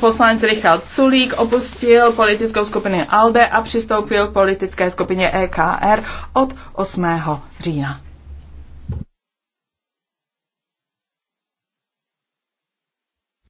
Poslanec Richard Sulík opustil politickou skupinu ALDE a přistoupil k politické skupině EKR od 8. října.